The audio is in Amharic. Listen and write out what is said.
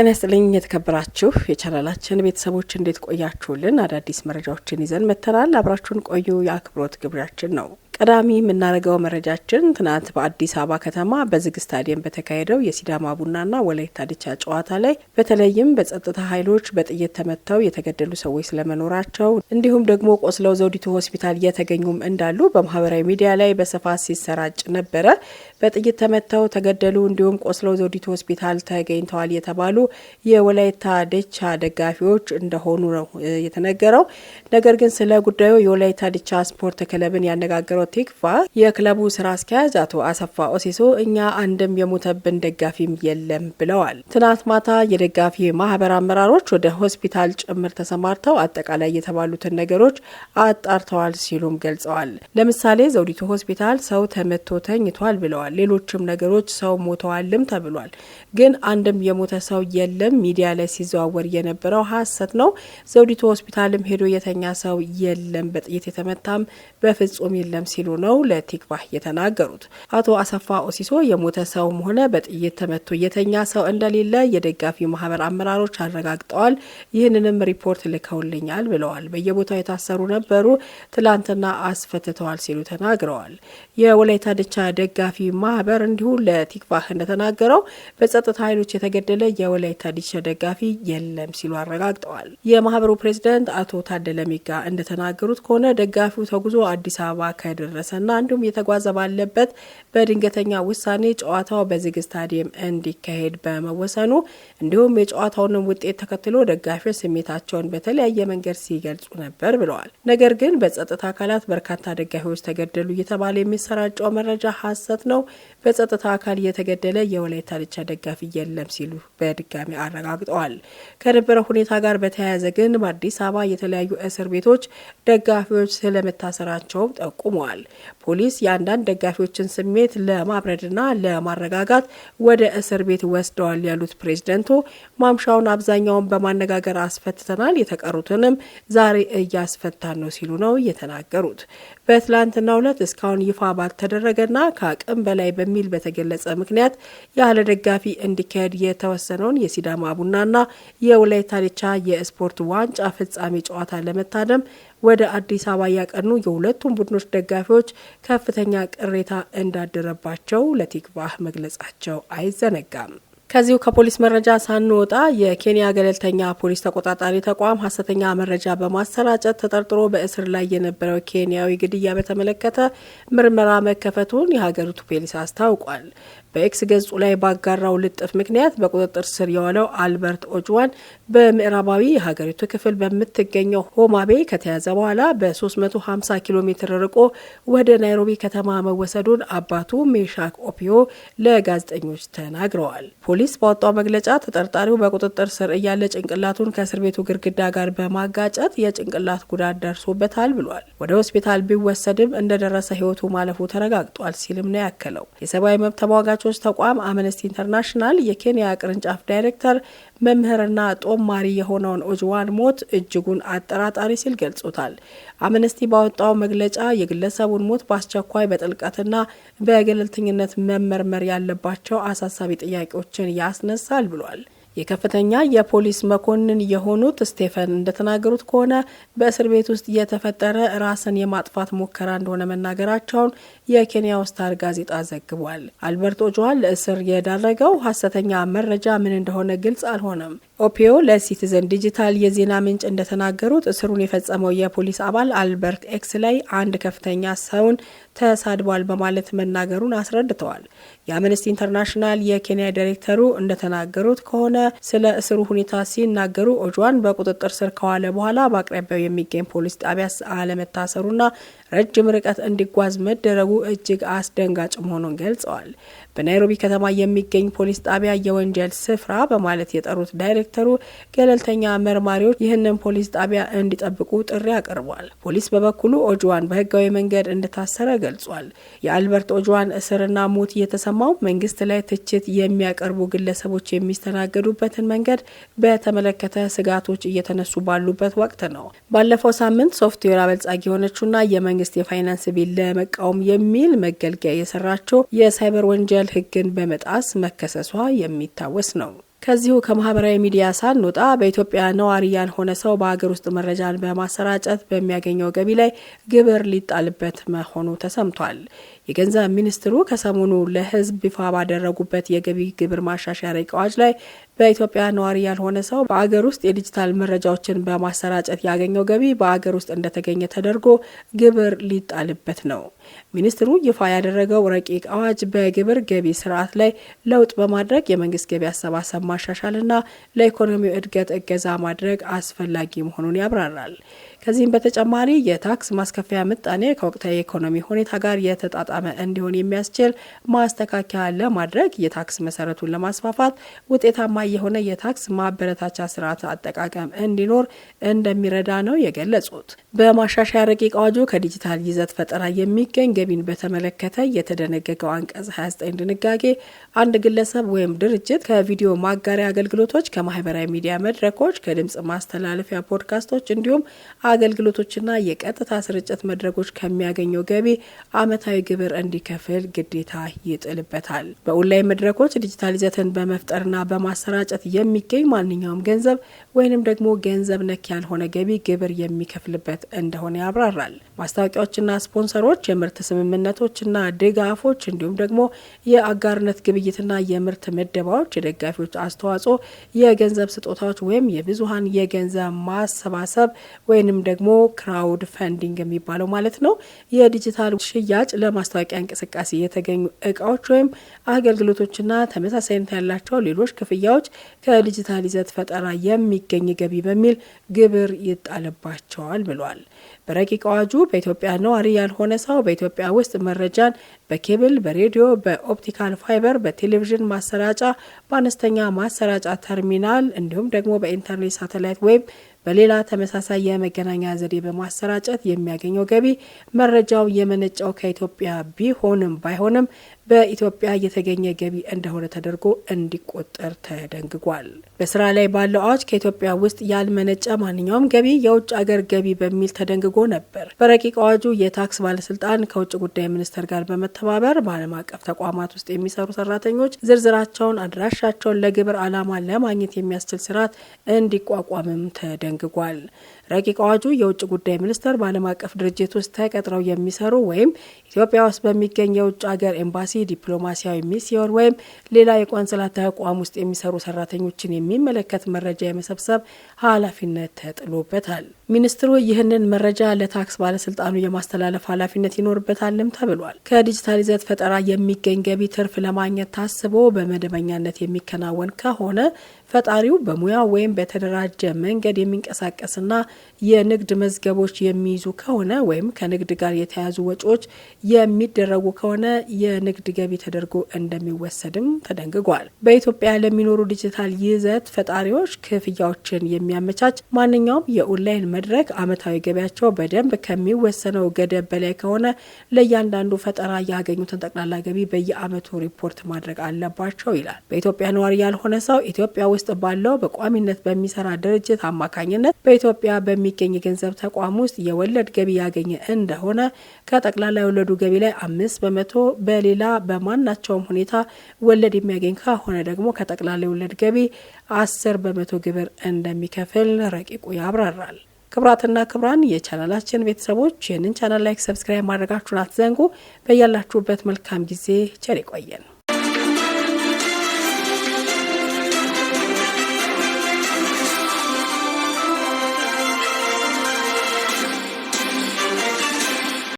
ጤና ይስጥልኝ የተከበራችሁ የቻናላችን ቤተሰቦች እንዴት ቆያችሁልን? አዳዲስ መረጃዎችን ይዘን መጥተናል። አብራችሁን ቆዩ የአክብሮት ግብዣችን ነው። ቀዳሚ የምናደርገው መረጃችን ትናንት በአዲስ አበባ ከተማ በዝግ ስታዲየም በተካሄደው የሲዳማ ቡናና ወላይታ ድቻ ጨዋታ ላይ በተለይም በጸጥታ ኃይሎች በጥይት ተመተው የተገደሉ ሰዎች ስለመኖራቸው እንዲሁም ደግሞ ቆስለው ዘውዲቱ ሆስፒታል እየተገኙም እንዳሉ በማህበራዊ ሚዲያ ላይ በስፋት ሲሰራጭ ነበረ። በጥይት ተመተው ተገደሉ፣ እንዲሁም ቆስለው ዘውዲቱ ሆስፒታል ተገኝተዋል የተባሉ የወላይታ ድቻ ደጋፊዎች እንደሆኑ ነው የተነገረው። ነገር ግን ስለ ጉዳዩ የወላይታ ድቻ ስፖርት ክለብን ያነጋገረው ቲክፋ የክለቡ ስራ አስኪያጅ አቶ አሰፋ ኦሲሶ እኛ አንድም የሞተብን ደጋፊም የለም ብለዋል። ትናንት ማታ የደጋፊ ማህበር አመራሮች ወደ ሆስፒታል ጭምር ተሰማርተው አጠቃላይ የተባሉትን ነገሮች አጣርተዋል ሲሉም ገልጸዋል። ለምሳሌ ዘውዲቱ ሆስፒታል ሰው ተመቶ ተኝቷል ብለዋል። ሌሎችም ነገሮች ሰው ሞተዋልም ተብሏል። ግን አንድም የሞተ ሰው የለም። ሚዲያ ላይ ሲዘዋወር የነበረው ሀሰት ነው። ዘውዲቱ ሆስፒታልም ሄዶ የተኛ ሰው የለም። በጥይት የተመታም በፍጹም የለም ሲሉ ነው ለቲግባህ የተናገሩት። አቶ አሰፋ ኦሲሶ የሞተ ሰውም ሆነ በጥይት ተመቶ የተኛ ሰው እንደሌለ የደጋፊ ማህበር አመራሮች አረጋግጠዋል። ይህንንም ሪፖርት ልከውልኛል ብለዋል። በየቦታው የታሰሩ ነበሩ፣ ትላንትና አስፈትተዋል ሲሉ ተናግረዋል። የወላይታ ድቻ ደጋፊ ማህበር እንዲሁ ለቲግባህ እንደተናገረው በጸጥታ ኃይሎች የተገደለ የወላይታ ድቻ ደጋፊ የለም ሲሉ አረጋግጠዋል። የማህበሩ ፕሬዚደንት አቶ ታደለ ሚጋ እንደተናገሩት ከሆነ ደጋፊው ተጉዞ አዲስ አበባ ከድር እንደደረሰና አንዱም እየተጓዘ ባለበት በድንገተኛ ውሳኔ ጨዋታው በዝግ ስታዲየም እንዲካሄድ በመወሰኑ እንዲሁም የጨዋታውንም ውጤት ተከትሎ ደጋፊዎች ስሜታቸውን በተለያየ መንገድ ሲገልጹ ነበር ብለዋል። ነገር ግን በጸጥታ አካላት በርካታ ደጋፊዎች ተገደሉ እየተባለ የሚሰራጨው መረጃ ሐሰት ነው፣ በጸጥታ አካል እየተገደለ የወላይታ ድቻ ደጋፊ የለም ሲሉ በድጋሚ አረጋግጠዋል። ከነበረው ሁኔታ ጋር በተያያዘ ግን በአዲስ አበባ የተለያዩ እስር ቤቶች ደጋፊዎች ስለመታሰራቸውም ጠቁመዋል። ተናግረዋል። ፖሊስ የአንዳንድ ደጋፊዎችን ስሜት ለማብረድና ለማረጋጋት ወደ እስር ቤት ወስደዋል ያሉት ፕሬዝደንቱ ማምሻውን አብዛኛውን በማነጋገር አስፈትተናል፣ የተቀሩትንም ዛሬ እያስፈታን ነው ሲሉ ነው የተናገሩት። በትላንትናው ዕለት እስካሁን ይፋ ባልተደረገና ከአቅም በላይ በሚል በተገለጸ ምክንያት ያለ ደጋፊ እንዲካሄድ የተወሰነውን የሲዳማ ቡናና የወላይታ ዲቻ የስፖርት ዋንጫ ፍጻሜ ጨዋታ ለመታደም ወደ አዲስ አበባ ያቀኑ የሁለቱም ቡድኖች ደጋፊዎች ከፍተኛ ቅሬታ እንዳደረባቸው ለቲክቫህ መግለጻቸው አይዘነጋም። ከዚሁ ከፖሊስ መረጃ ሳንወጣ የኬንያ ገለልተኛ ፖሊስ ተቆጣጣሪ ተቋም ሀሰተኛ መረጃ በማሰራጨት ተጠርጥሮ በእስር ላይ የነበረው ኬንያዊ ግድያ በተመለከተ ምርመራ መከፈቱን የሀገሪቱ ፖሊስ አስታውቋል። በኤክስ ገጹ ላይ ባጋራው ልጥፍ ምክንያት በቁጥጥር ስር የዋለው አልበርት ኦጅዋን በምዕራባዊ የሀገሪቱ ክፍል በምትገኘው ሆማቤ ከተያዘ በኋላ በ350 ኪሎ ሜትር ርቆ ወደ ናይሮቢ ከተማ መወሰዱን አባቱ ሜሻክ ኦፒዮ ለጋዜጠኞች ተናግረዋል። ፖሊስ ባወጣው መግለጫ ተጠርጣሪው በቁጥጥር ስር እያለ ጭንቅላቱን ከእስር ቤቱ ግድግዳ ጋር በማጋጨት የጭንቅላት ጉዳት ደርሶበታል ብሏል። ወደ ሆስፒታል ቢወሰድም እንደደረሰ ሕይወቱ ማለፉ ተረጋግጧል ሲልም ነው ያከለው። የሰብአዊ መብት ተሟጋ ተመልካቾች ተቋም አምነስቲ ኢንተርናሽናል የኬንያ ቅርንጫፍ ዳይሬክተር መምህርና ጦማሪ የሆነውን ኦጅዋን ሞት እጅጉን አጠራጣሪ ሲል ገልጾታል። አምነስቲ ባወጣው መግለጫ የግለሰቡን ሞት በአስቸኳይ በጥልቀትና በገለልተኝነት መመርመር ያለባቸው አሳሳቢ ጥያቄዎችን ያስነሳል ብሏል። የከፍተኛ የፖሊስ መኮንን የሆኑት ስቴፈን እንደተናገሩት ከሆነ በእስር ቤት ውስጥ የተፈጠረ ራስን የማጥፋት ሙከራ እንደሆነ መናገራቸውን የኬንያው ስታር ጋዜጣ ዘግቧል። አልበርት ኦጆዋ ለእስር የዳረገው ሀሰተኛ መረጃ ምን እንደሆነ ግልጽ አልሆነም። ኦፒዮ ለሲቲዘን ዲጂታል የዜና ምንጭ እንደተናገሩት እስሩን የፈጸመው የፖሊስ አባል አልበርት ኤክስ ላይ አንድ ከፍተኛ ሰውን ተሳድቧል በማለት መናገሩን አስረድተዋል። የአምነስቲ ኢንተርናሽናል የኬንያ ዳይሬክተሩ እንደተናገሩት ከሆነ ስለ እስሩ ሁኔታ ሲናገሩ እጇን በቁጥጥር ስር ከዋለ በኋላ በአቅራቢያው የሚገኝ ፖሊስ ጣቢያ አለመታሰሩና ረጅም ርቀት እንዲጓዝ መደረጉ እጅግ አስደንጋጭ መሆኑን ገልጸዋል። በናይሮቢ ከተማ የሚገኝ ፖሊስ ጣቢያ የወንጀል ስፍራ በማለት የጠሩት ዳይሬክተሩ ገለልተኛ መርማሪዎች ይህንን ፖሊስ ጣቢያ እንዲጠብቁ ጥሪ አቅርቧል። ፖሊስ በበኩሉ ኦጅዋን በህጋዊ መንገድ እንደታሰረ ገልጿል። የአልበርት ኦጅዋን እስርና ሞት የተሰማው መንግስት ላይ ትችት የሚያቀርቡ ግለሰቦች የሚስተናገዱበትን መንገድ በተመለከተ ስጋቶች እየተነሱ ባሉበት ወቅት ነው። ባለፈው ሳምንት ሶፍትዌር አበልጻጊ የሆነችውና የመንግስት መንግስት የፋይናንስ ቢል ለመቃወም የሚል መገልገያ የሰራቸው የሳይበር ወንጀል ህግን በመጣስ መከሰሷ የሚታወስ ነው። ከዚሁ ከማህበራዊ ሚዲያ ሳንወጣ በኢትዮጵያ ነዋሪ ያልሆነ ሰው በሀገር ውስጥ መረጃን በማሰራጨት በሚያገኘው ገቢ ላይ ግብር ሊጣልበት መሆኑ ተሰምቷል። የገንዘብ ሚኒስትሩ ከሰሞኑ ለሕዝብ ይፋ ባደረጉበት የገቢ ግብር ማሻሻያ ረቂቅ አዋጅ ላይ በኢትዮጵያ ነዋሪ ያልሆነ ሰው በአገር ውስጥ የዲጂታል መረጃዎችን በማሰራጨት ያገኘው ገቢ በአገር ውስጥ እንደተገኘ ተደርጎ ግብር ሊጣልበት ነው። ሚኒስትሩ ይፋ ያደረገው ረቂቅ አዋጅ በግብር ገቢ ስርዓት ላይ ለውጥ በማድረግ የመንግስት ገቢ አሰባሰብ ማሻሻልና ለኢኮኖሚው እድገት እገዛ ማድረግ አስፈላጊ መሆኑን ያብራራል። ከዚህም በተጨማሪ የታክስ ማስከፈያ ምጣኔ ከወቅታዊ የኢኮኖሚ ሁኔታ ጋር የተጣጣመ እንዲሆን የሚያስችል ማስተካከያ ለማድረግ የታክስ መሰረቱን ለማስፋፋት ውጤታማ የሆነ የታክስ ማበረታቻ ስርዓት አጠቃቀም እንዲኖር እንደሚረዳ ነው የገለጹት። በማሻሻያ ረቂቅ አዋጁ ከዲጂታል ይዘት ፈጠራ የሚገኝ ገቢን በተመለከተ የተደነገገው አንቀጽ 29 ድንጋጌ አንድ ግለሰብ ወይም ድርጅት ከቪዲዮ ማጋሪያ አገልግሎቶች፣ ከማህበራዊ ሚዲያ መድረኮች፣ ከድምፅ ማስተላለፊያ ፖድካስቶች እንዲሁም አገልግሎቶችና የቀጥታ ስርጭት መድረኮች ከሚያገኘው ገቢ ዓመታዊ ግብር እንዲከፍል ግዴታ ይጥልበታል። በኦንላይን መድረኮች ዲጂታል ይዘትን በመፍጠርና በማሰራጨት የሚገኝ ማንኛውም ገንዘብ ወይንም ደግሞ ገንዘብ ነክ ያልሆነ ገቢ ግብር የሚከፍልበት እንደሆነ ያብራራል። ማስታወቂያዎችና ስፖንሰሮች፣ የምርት ስምምነቶችና ድጋፎች እንዲሁም ደግሞ የአጋርነት ግብይትና የምርት ምደባዎች፣ የደጋፊዎች አስተዋጽኦ፣ የገንዘብ ስጦታዎች ወይም የብዙሀን የገንዘብ ማሰባሰብ ወይንም ደግሞ ክራውድ ፈንዲንግ የሚባለው ማለት ነው። የዲጂታል ሽያጭ ለማስታወቂያ እንቅስቃሴ የተገኙ እቃዎች ወይም አገልግሎቶችና ተመሳሳይነት ያላቸው ሌሎች ክፍያዎች ከዲጂታል ይዘት ፈጠራ የሚገኝ ገቢ በሚል ግብር ይጣልባቸዋል ብሏል። በረቂቅ አዋጁ በኢትዮጵያ ነዋሪ ያልሆነ ሰው በኢትዮጵያ ውስጥ መረጃን በኬብል፣ በሬዲዮ፣ በኦፕቲካል ፋይበር፣ በቴሌቪዥን ማሰራጫ፣ በአነስተኛ ማሰራጫ ተርሚናል እንዲሁም ደግሞ በኢንተርኔት ሳተላይት ወይም በሌላ ተመሳሳይ የመገናኛ ዘዴ በማሰራጨት የሚያገኘው ገቢ መረጃው የመነጫው ከኢትዮጵያ ቢሆንም ባይሆንም በኢትዮጵያ የተገኘ ገቢ እንደሆነ ተደርጎ እንዲቆጠር ተደንግጓል። በስራ ላይ ባለው አዋጅ ከኢትዮጵያ ውስጥ ያልመነጨ ማንኛውም ገቢ የውጭ አገር ገቢ በሚል ተደንግጎ ነበር። በረቂቅ አዋጁ የታክስ ባለስልጣን ከውጭ ጉዳይ ሚኒስቴር ጋር በመተባበር በዓለም አቀፍ ተቋማት ውስጥ የሚሰሩ ሰራተኞች ዝርዝራቸውን፣ አድራሻቸውን ለግብር ዓላማ ለማግኘት የሚያስችል ስርዓት እንዲቋቋምም ተደንግጓል። ረቂቅ አዋጁ የውጭ ጉዳይ ሚኒስቴር በዓለም አቀፍ ድርጅት ውስጥ ተቀጥረው የሚሰሩ ወይም ኢትዮጵያ ውስጥ በሚገኝ የውጭ ሀገር ኤምባሲ፣ ዲፕሎማሲያዊ ሚስዮን ወይም ሌላ የቆንስላ ተቋም ውስጥ የሚሰሩ ሰራተኞችን የሚመለከት መረጃ የመሰብሰብ ኃላፊነት ተጥሎበታል። ሚኒስትሩ ይህንን መረጃ ለታክስ ባለስልጣኑ የማስተላለፍ ኃላፊነት ይኖርበታልም ተብሏል። ከዲጂታል ይዘት ፈጠራ የሚገኝ ገቢ ትርፍ ለማግኘት ታስቦ በመደበኛነት የሚከናወን ከሆነ ፈጣሪው በሙያ ወይም በተደራጀ መንገድ የሚንቀሳቀስና የንግድ መዝገቦች የሚይዙ ከሆነ ወይም ከንግድ ጋር የተያያዙ ወጪዎች የሚደረጉ ከሆነ የንግድ ገቢ ተደርጎ እንደሚወሰድም ተደንግጓል። በኢትዮጵያ ለሚኖሩ ዲጂታል ይዘት ፈጣሪዎች ክፍያዎችን የሚያመቻች ማንኛውም የኦንላይን መድረክ ዓመታዊ ገቢያቸው በደንብ ከሚወሰነው ገደብ በላይ ከሆነ ለእያንዳንዱ ፈጠራ ያገኙትን ጠቅላላ ገቢ በየዓመቱ ሪፖርት ማድረግ አለባቸው ይላል። በኢትዮጵያ ነዋሪ ያልሆነ ሰው ኢትዮጵያ ውስጥ ባለው በቋሚነት በሚሰራ ድርጅት አማካኝነት በኢትዮጵያ በሚገኝ የገንዘብ ተቋም ውስጥ የወለድ ገቢ ያገኘ እንደሆነ ከጠቅላላ የወለዱ ገቢ ላይ አምስት በመቶ በሌላ በማናቸውም ሁኔታ ወለድ የሚያገኝ ከሆነ ደግሞ ከጠቅላላ የወለድ ገቢ አስር በመቶ ግብር እንደሚከፍል ረቂቁ ያብራራል። ክብራትና ክብራን የቻናላችን ቤተሰቦች ይህንን ቻናል ላይክ፣ ሰብስክራይብ ማድረጋችሁን አትዘንጉ። በያላችሁበት መልካም ጊዜ ቸር ይቆየን።